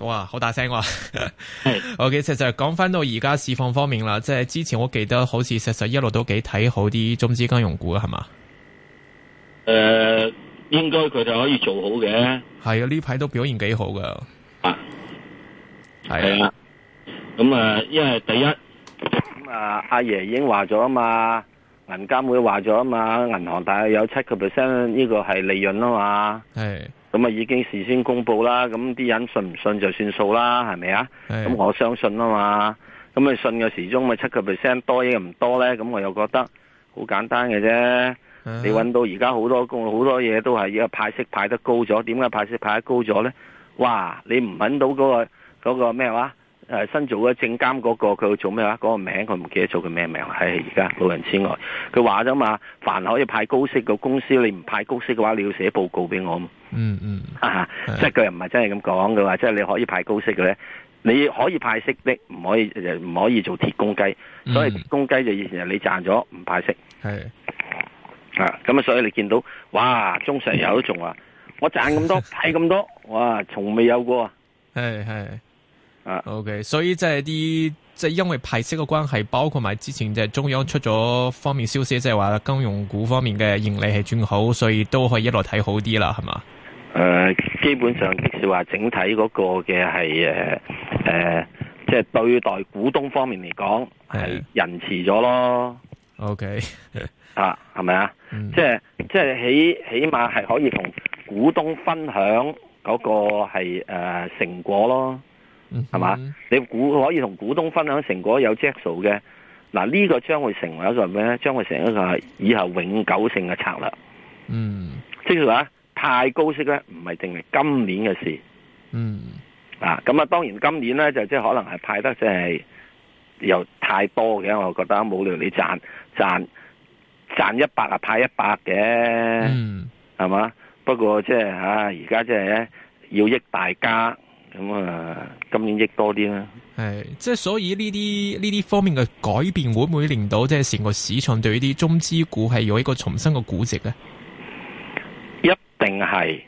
哇，好大聲哇、啊！係 的，OK，其實就講翻到而家市況方面啦，即係之前我記得好似石實一路都幾睇好啲中資金融股啊，係嘛？誒、呃，應該佢哋可以做好嘅，係啊，呢排都表現幾好噶，啊，係啊，咁啊的，因為第一，咁啊，阿爺已經話咗啊嘛，銀監會話咗啊嘛，銀行大約有七個 percent 呢個係利潤啊嘛，係。咁啊，已經事先公佈啦，咁啲人信唔信就算數啦，係咪啊？咁是的 我相信啊嘛，咁你信嘅始終咪七個 percent 多嘢唔多咧，咁我又覺得好簡單嘅啫。是的 你揾到而家好多工好多嘢都係要個派息派得高咗，點解派息派得高咗咧？哇！你唔揾到嗰、嗰個嗰、嗰個咩話、啊？誒新做嘅證監嗰個佢做咩啊？嗰個名佢唔記得做，佢咩名係，而家老人痴呆，佢話咗嘛，凡可以派高息嘅公司，你唔派高息嘅話，你要寫報告俾我。嗯嗯，哈即係佢又唔係真係咁講嘅話，即係你可以派高息嘅咧，你可以派息的，唔可以就唔可以做鐵公雞。嗯、所以鐵公雞就以前你賺咗唔派息。係啊，咁啊，所以你見到哇，中石油都仲話我賺咁多 派咁多，哇，從未有過。係係。啊，OK，所以即係啲即係因為派息嘅關係，包括埋之前即係中央出咗方面消息，即係話金融股方面嘅盈利係轉好，所以都可以一路睇好啲啦，係嘛？誒、呃，基本上即是話整體嗰個嘅係誒誒，即、呃、係、就是、對待股東方面嚟講係仁慈咗咯。OK， 啊，係咪啊？嗯、即係即係起起碼係可以同股東分享嗰個係誒、呃、成果咯。係嘛？是嗯、你股可以同股東分享成果有著數嘅，嗱、啊、呢、這個將會成為一個咩咧？將會成為一個以後永久性嘅策略。嗯，即係話太高息咧，唔係淨係今年嘅事。嗯。啊，咁啊，當然今年咧就即、是、係可能係派得即係又太多嘅，我覺得冇理由你賺賺賺一百啊派一百嘅，係嘛、嗯？不過即係吓而家即係要益大家。咁啊，今年益多啲啦。係，即係所以呢啲呢啲方面嘅改變，會唔會令到即係成個市場對呢啲中資股係有一個重新嘅估值呢？一定係。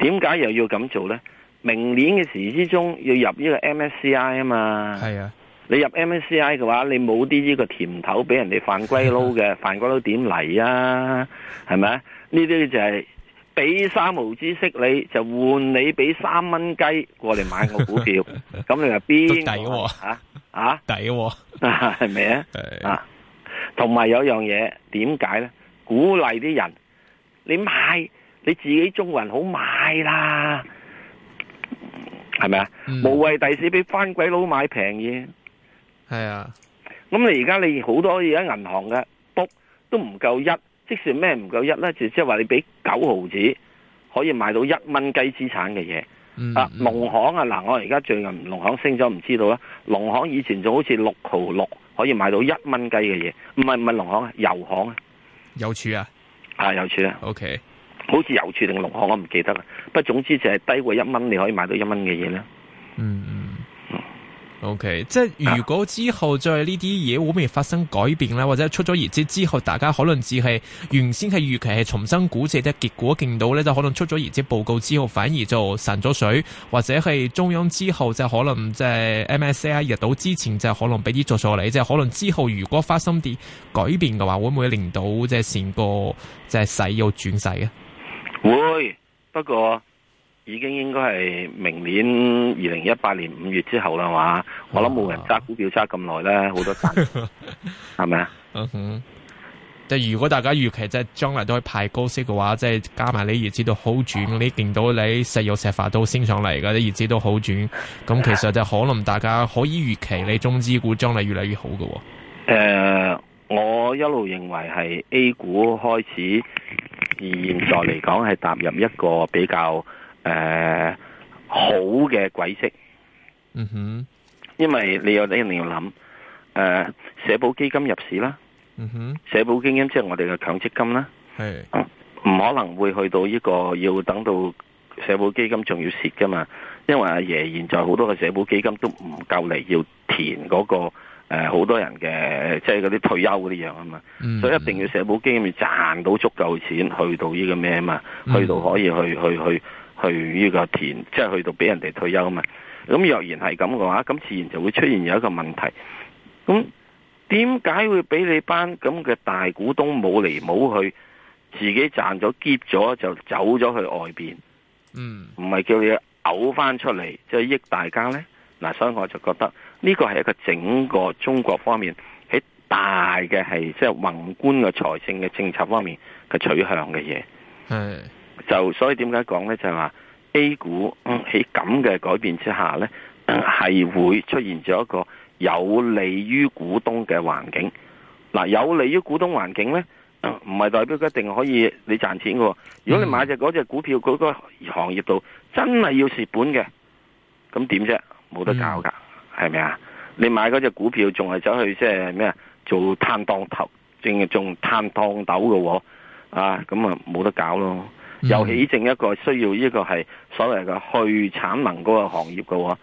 點解又要咁做呢？明年嘅時之中要入呢個 MSCI 啊嘛。係啊。你入 MSCI 嘅話，你冇啲呢個甜頭俾人哋犯龜撈嘅，犯龜撈點嚟啊？係咪啊？呢啲就係、是。俾三毫子息你就換，你俾三蚊雞過嚟買個股票，咁你話邊抵啊？啊，抵啊？係咪啊？啊，同埋有樣嘢，點解咧？鼓勵啲人你買，你自己中國人好買啦，係咪啊？無謂第四俾翻鬼佬買平嘢，係啊。咁你而家你好多而家銀行嘅 book 都唔夠一。即使咩唔夠一呢，就即係話你俾九毫子可以買到一蚊雞資產嘅嘢啊！嗯嗯，農行啊，嗱，我而家最近農行升咗，唔知道啦。農行以前就好似六毫六可以買到一蚊雞嘅嘢，唔係唔係農行啊，郵行啊，郵儲啊，郵儲啊，郵儲啊 OK，郵儲啊，OK，好似郵儲定農行，我唔記得啦。不過，總之就係低過一蚊，你可以買到一蚊嘅嘢啦。嗯。O、okay, K，即係如果之後再呢啲嘢會唔會發生改變咧？啊、或者出咗業績之後，大家可能只係原先係預期係重新估值的，但係結果見到咧就可能出咗業績報告之後，反而就散咗水，或者係中央之後就可能即係 M S I 入到之前就可能俾啲作數嚟，即、就、係、是、可能之後如果發生啲改變嘅話，會唔會令到即係成個即係使要轉勢嘅？會，不過。已經應該係明年二零一八年五月之後啦嘛，我諗冇人揸股票揸咁耐，咧，好多賺係咪啊？嗯哼，即係如果大家預期即係將來都係派高息嘅話，即係加埋你業績都好轉，啊、你見到你石油石化都升上嚟嘅，啲業績都好轉，咁其實就可能大家可以預期你中資股將來越嚟越好嘅。誒、呃，我一路認為係 A 股開始，而現在嚟講係踏入一個比較。誒，好嘅軌跡，嗯哼，因為你有你一定要諗，誒，社保基金入市啦，嗯哼，社保基金即係我哋嘅強積金啦，係，唔可能會去到呢個要等到社保基金仲要蝕噶嘛，因為阿爺現在好多嘅社保基金都唔夠嚟，要填嗰個誒好多人嘅即係嗰啲退休嗰啲樣啊嘛，所以一定要社保基金要賺到足夠錢去到呢個咩啊嘛，去到可以去去去。去呢個田，即係去到俾人哋退休吖嘛。咁若然係咁嘅話，咁自然就會出現有一個問題。咁點解會俾你班咁嘅大股東冇嚟冇去，自己賺咗、結咗就走咗去外邊？嗯，唔係叫你嘔翻出嚟，即係益大家呢。嗱，所以我就覺得呢個係一個整個中國方面喺大嘅係即係宏觀嘅財政嘅政策方面嘅取向嘅嘢。就所以點解講呢？就係話 A 股喺咁嘅改變之下呢，係會出現咗一個有利於股東嘅環境。嗱，有利於股東環境呢，唔係代表一定可以你賺錢噶。如果你買隻嗰隻股票嗰個行業度真係要蝕本嘅，咁點啫？冇得搞噶，係咪啊？你買嗰隻股票仲係走去即係咩啊？做攤檔頭，淨係做攤檔斗噶，啊咁啊冇得搞咯。又起正一個需要呢個係所謂嘅去產能嗰個行業嘅、哦，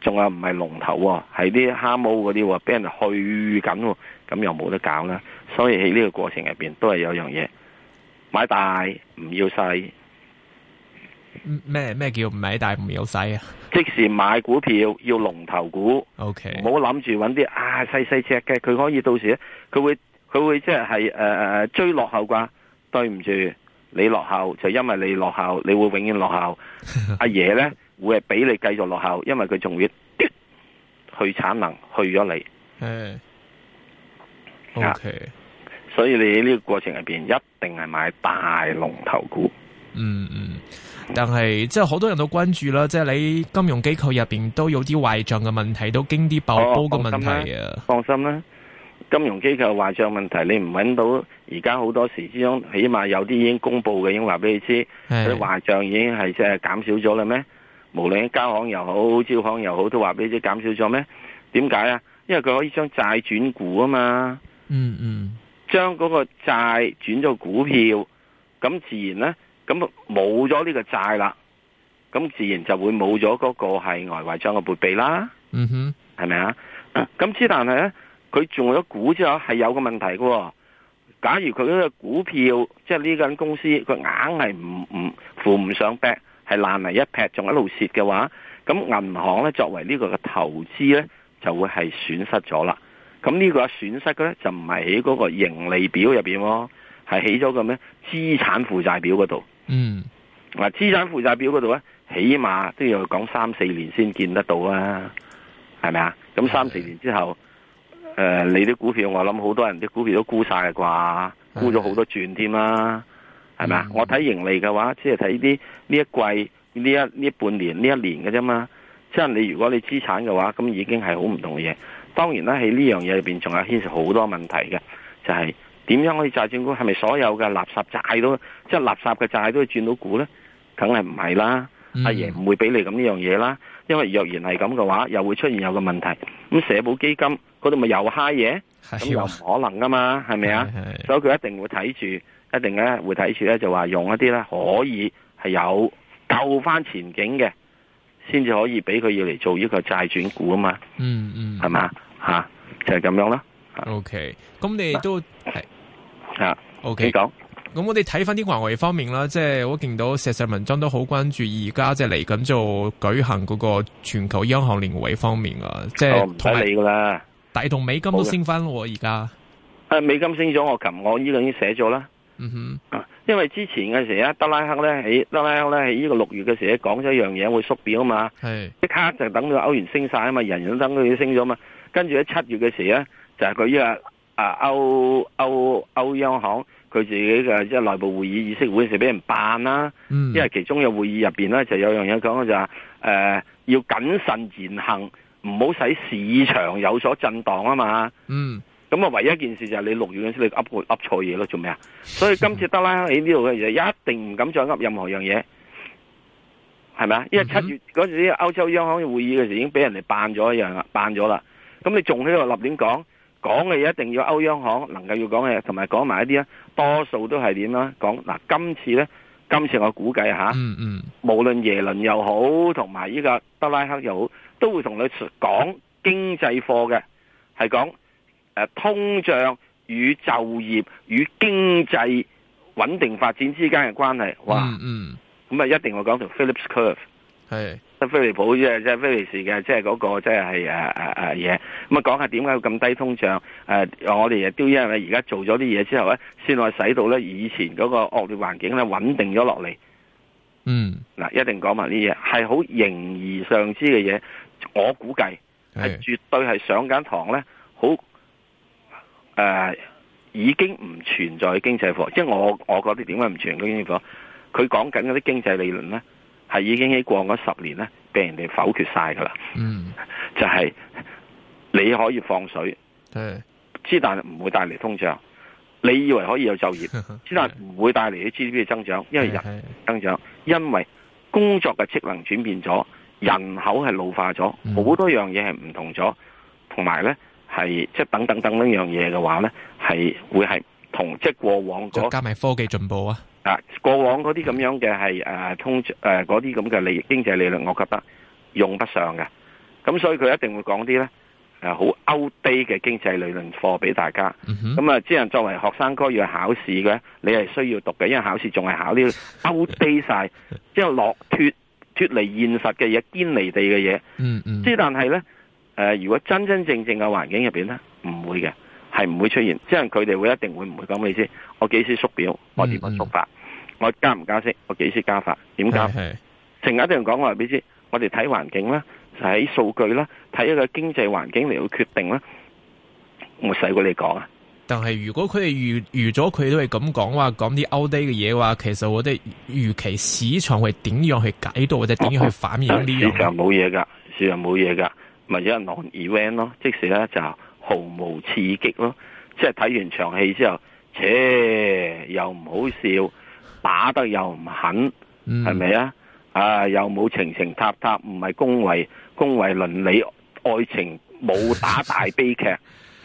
仲有唔係龍頭啊、哦，係啲蝦毛嗰啲啊，畀人去緊、哦，咁又冇得搞啦。所以喺呢個過程入邊都係有一樣嘢，買大唔要細。咩咩叫買大唔要細啊？即時買股票要龍頭股。O K，唔諗住揾啲啊細細隻嘅，佢可以到時佢會佢會即係係誒誒追落後啩？對唔住。你落後就因為你落後，你會永遠落後。 阿爺呢，會係俾你繼續落後，因為佢仲會去產能去咗你。誒，O K。所以你喺呢個過程入邊一定係買大龍頭股。嗯嗯，但係即係好多人都關注啦，即係你金融機構入邊都有啲壞賬嘅問題，都驚啲爆煲嘅問題啊、哦！放心啦。金融機構壞賬問題，你唔揾到？而家好多時之中，起碼有啲已經公布嘅，已經告訴的話俾你知，啲壞賬已經係即係減少咗啦咩？無論交行又好，招行又好，都話俾你知減少咗咩？點解啊？因為佢可以將債轉股啊嘛。嗯嗯，將嗰個債轉咗股票，咁、嗯、自然呢咁冇咗呢個債啦，咁自然就會冇咗嗰個係外圍賬嘅撥備啦。嗯哼，係咪啊？咁之、嗯、但係呢佢做咗股之後係有個問題嘅，哦，假如佢呢個股票即係呢間公司，佢硬係唔唔扶唔上壁，係爛泥一劈，仲一路蝕嘅話，咁銀行咧作為呢個嘅投資咧，就會係損失咗啦。咁呢個損失嘅咧就唔係喺嗰個盈利表入邊，喔，係起咗個咩資產負債表嗰度。嗯，嗱，資產負債表嗰度咧，起碼都要講三四年先見得到啊，係咪啊？咁三四年之後。嗯誒、呃，你啲股票我諗好多人啲股票都沽晒嘅啩，沽咗好多轉添啦，係咪啊？的我睇盈利嘅話，即係睇啲呢一季，呢一呢半年、呢一年嘅啫嘛。即係你如果你資產嘅話，咁已經係好唔同嘅嘢。當然啦，喺呢樣嘢入邊仲有牽涉好多問題嘅，就係、是、點樣可以債轉股？係咪所有嘅垃圾債都即係垃圾嘅債都可以轉到股呢？梗係唔係啦，阿爺唔會俾你咁呢樣嘢啦。因為若然係咁嘅話，又會出現有個問題。咁社保基金。嗰度咪又嗨嘢，咁又唔可能噶嘛，係咪啊？是是是，所以佢一定會睇住，一定咧會睇住咧就話用一啲咧可以係有救翻前景嘅，先至可以俾佢要嚟做呢個債轉股啊嘛。嗯嗯是，係嘛吓，就係、是、咁樣啦。OK，咁你都係啊？OK，講、嗯。咁我哋睇翻啲外圍方面啦，即係、啊 okay, 我見、就是、到石石文章都好關注而家即係嚟緊做舉行嗰個全球央行年會方面啊，即係唔使理噶啦。大同美金都升翻咯，而家。誒，美金升咗，我琴我呢個已經寫咗啦。嗯哼，因為之前嘅時啊，德拉克咧喺德拉克咧喺呢個六月嘅時咧講咗一樣嘢會縮表啊嘛。係是，即刻就等到歐元升晒啊嘛，人人都等佢升咗嘛。跟住喺七月嘅時咧，就係佢依個啊歐歐歐央行佢自己嘅即係內部會議議息會嘅時俾人辦啦。嗯，因為其中嘅會議入邊咧就有樣嘢講就係、是、誒、呃、要謹慎言行。唔好使市場有所震盪啊嘛，嗯，咁啊，唯一一件事就係你六月嘅時候你噏過噏錯嘢咯，做咩啊？所以今次德拉克喺呢度嘅嘢一定唔敢再噏任何樣嘢，係咪啊？因為七月嗰時、嗯、哼歐洲央行會議嘅時已經俾人哋辦咗一樣啦，辦咗啦。咁你仲喺度立亂講，講嘅嘢一定要歐央行能夠要講嘅嘢，同埋講埋一啲啊，多數都係點啦？講嗱，今次咧，今次我估計吓、嗯，嗯嗯，無論耶倫又好，同埋依個德拉克又好。都會同你講經濟課嘅，係講誒、啊、通脹與就業與經濟穩定發展之間嘅關係。哇，嗯、mm，咁、hmm. 啊一定會講條菲利普斯曲線，係、就是那個，即係菲利普即係菲利士嘅，即係 s 個即係係誒誒誒嘢。咁啊，啊，啊講下點解咁低通脹？誒、啊，我哋誒都因為而家做咗啲嘢之後咧，先可以使到咧以前嗰個惡劣環境咧穩定咗落嚟。嗯、mm，嗱、hmm.，一定講埋呢嘢，係好形而上之嘅嘢。我估計係絕對係上緊堂咧，好誒、呃，已經唔存在經濟課，即係我我覺得點解唔存在經濟課？佢講緊嗰啲經濟理論咧，係已經喺過嗰十年咧，被人哋否決晒噶啦。嗯，就係你可以放水，之但唔會帶嚟通脹。你以為可以有就業，之但唔會帶嚟啲 GDP 嘅增長，因為人增長，是的是的因為工作嘅職能轉變咗。人口係老化咗，好多樣嘢係唔同咗，同埋、嗯、呢係即係等等等等樣嘢嘅話呢，係會係同即係、就是、過往嗰加埋科技進步啊！啊，過往嗰啲咁樣嘅係誒通誒嗰啲咁嘅理經濟理論，我覺得用不上嘅。咁所以佢一定會講啲呢誒好 outdate 嘅經濟理論課畀大家。咁啊、嗯哼，只能作為學生哥要考試嘅，你係需要讀嘅，因為考試仲係考呢個 outdate 晒，即係落脫。脫離現實嘅嘢，堅離地嘅嘢、嗯，嗯嗯，即係但係咧，誒、呃，如果真真正正嘅環境入邊咧，唔會嘅，係唔會出現，即係佢哋會一定會唔會講俾你知，我幾時縮表，我點樣縮法？嗯嗯、我加唔加息，我幾時加法？點解？成日有人講話俾你知，我哋睇環境啦，睇數據啦，睇一個經濟環境嚟到決定啦，冇使過你講啊。但係如果佢哋預預咗佢都係咁講話講啲 out day 嘅嘢話，其實我哋預期市場係點樣去解讀或者點樣去反應，啊？市場冇嘢噶，市場冇嘢噶，咪、non-event 咯，即時咧就毫無刺激咯。即係睇完場戲之後，切又唔好笑，打得又唔狠，係咪、嗯、啊？啊又冇情情塔塔，唔係恭維恭維倫理愛情冇打大悲劇，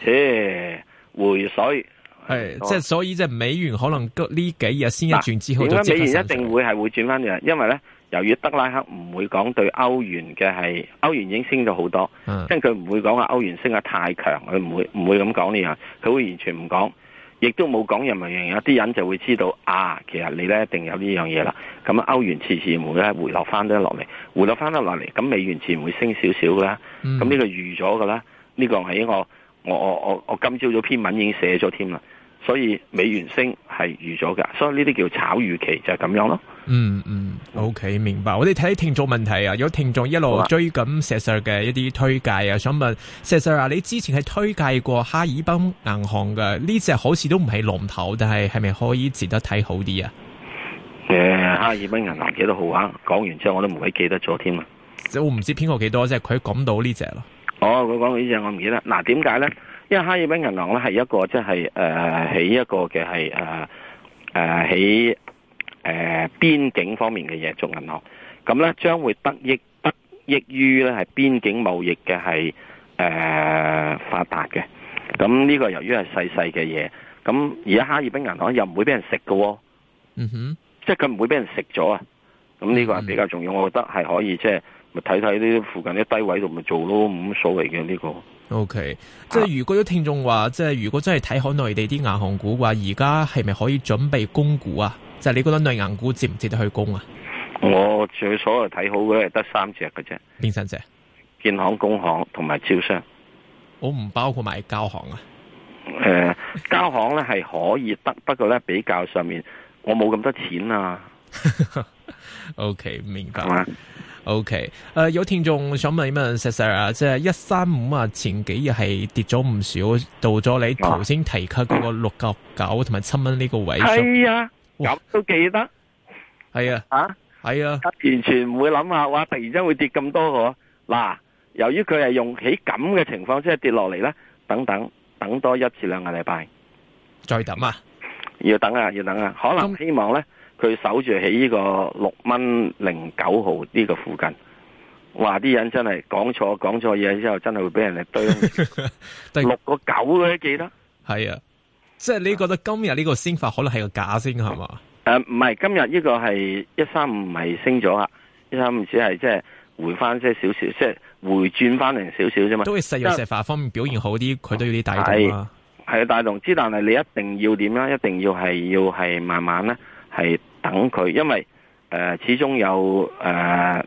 切。 回水，所以即係所以即係美元可能呢幾日先一轉，之後了美元一定會係會轉翻嘅，因為咧，由於德拉克唔會講對歐元嘅係歐元已經升咗好多，即係佢唔會講話歐元升得太強，佢唔會唔會咁講呢樣說這，佢會完全唔講，亦都冇講任何嘢。有啲人就會知道啊，其實你咧一定有呢樣嘢啦。咁啊，歐元次次會咧回落翻得落嚟，回落翻得落嚟，咁美元自然會升少少啦。咁呢、嗯、個預咗噶啦，呢、這個係一個。我我我我今朝早篇文已經寫咗添啦，所以美元升係預咗噶，所以呢啲叫炒預期就係咁樣咯。嗯嗯，OK 明白。我哋睇聽眾問題啊，如果聽眾一路追緊石 Sir 嘅一啲推介啊，想問石 Sir 啊，你之前係推介過哈爾濱銀行嘅呢隻好似都唔係龍頭，但係係咪可以值得睇好啲啊？誒、嗯，哈爾濱銀行幾多號啊？講完之後我都唔會記得咗添啦，即係我唔知編號幾多，即係佢講到呢隻咯。哦，佢講、啊、呢樣我唔記得嗱，點解咧？因為哈爾濱銀行咧係一個即係誒、起、一個嘅係誒誒喺誒邊境方面嘅嘢做銀行，咁咧將會得益得益於咧係邊境貿易嘅係誒發達嘅。咁呢個由於係細細嘅嘢，咁而家哈爾濱銀行又唔會俾人食嘅、哦。嗯哼，即係佢唔會俾人食咗啊。咁呢個係比較重要，我覺得係可以即係。咪睇睇啲附近啲低位度咪做咯，唔所謂嘅呢個。O、okay, K，即係如果有聽眾話，即係、啊、如果真係睇好內地啲銀行股話，而家係咪可以準備供股啊？即、就、係、是、你覺得內銀股值唔值得去供啊？我最所睇好嘅係得三隻嘅啫，邊三隻？建行、工行同埋招商。我唔包括埋交行啊。誒、呃，交行咧係可以得， 不過咧比較上面，我冇咁多錢啊。 o、okay, K，明白。O K，誒，有聽眾想問咩問 s i s a r 啊，即係一三五啊，前幾日係跌咗唔少，到咗你頭先提及嗰個六九九同埋七蚊呢個位置，係啊，咁都哇記得，係啊，啊，係啊，完全唔會諗下話突然之間會跌咁多個，嗱，由於佢係用起咁嘅情況，即係跌落嚟，咧，等等等多一次兩個禮拜，再等啊，要等啊，要等啊，可能希望咧。佢守住喺呢個六蚊零九毫呢個附近，話啲人真係講錯講錯嘢之後，真係會俾人哋堆。第 對六個九咧記得係啊，即係你覺得今日呢個升法可能係個假升係嘛？誒，唔係今日呢個係一三五係升咗啊，一三五只係即係回翻些少少，即係回轉翻嚟少少啫嘛。都會石油石化方面表現好啲，佢都有啲帶動啊。啊。係啊，帶動之，但係你一定要點呀？一定要係要係慢慢咧，係。等佢，因為誒、呃、始終有誒、呃、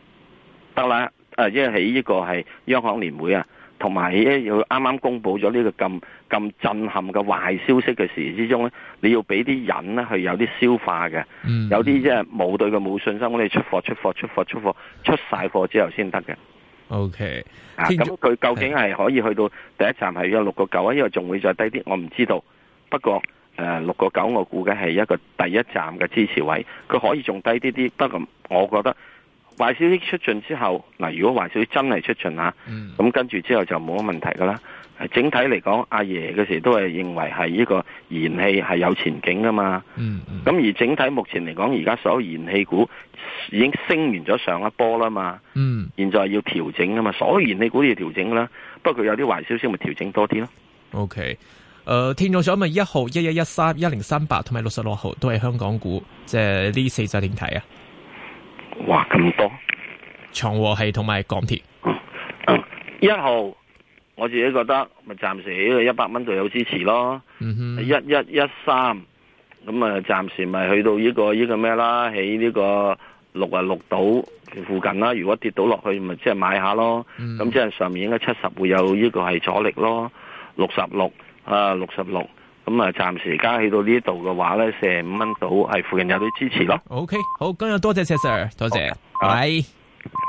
得啦，誒、呃、即係喺呢個係央行年會啊，同埋一要啱啱公布咗呢個咁咁震撼嘅壞消息嘅時之中咧，你要俾啲人咧去有啲消化嘅，嗯、有啲即係冇對佢冇信心，我哋出貨出貨出貨出貨出晒貨之後先得嘅。O Okay , K，啊咁佢終、啊、究竟係可以去到第一站係有六個九啊？因為仲會再低啲，我唔知道。不過。誒，六個九我估計係一個第一站嘅支持位，佢可以仲低啲啲，不過我覺得壞消息出盡之後，嗱如果壞消息真係出盡啊，咁、mm. 嗯、跟住之後就冇乜問題噶啦。整體嚟講，阿爺嘅時候都係認為係呢個燃氣係有前景噶嘛。咁、mm hmm. 而整體目前嚟講，而家所有燃氣股已經升完咗上一波啦嘛，mm. 現在要調整噶嘛，所有燃氣股都要調整啦。不過佢有啲壞消息咪調整多啲咯。O K。誒，天咗上咪一號一一一三一零三八同埋六十六號都係香港股，即係呢四隻點睇啊？哇，咁多長和系同埋港鐵。一、啊啊、號我自己覺得咪暫時呢個一百蚊就有支持咯。一一一三咁啊，暫時咪去到呢、這個呢、這個咩啦？喺呢個六啊六度附近啦。如果跌到落去咪即係買下咯。咁、嗯、即係上面應該七十會有呢個係阻力咯。六十六。啊，六十六，咁啊，暫時而家起到呢度嘅話咧，四十五蚊到，係附近有啲支持咯。OK，好，今日多謝，石 Sir，多謝，謝，拜。Okay. Bye.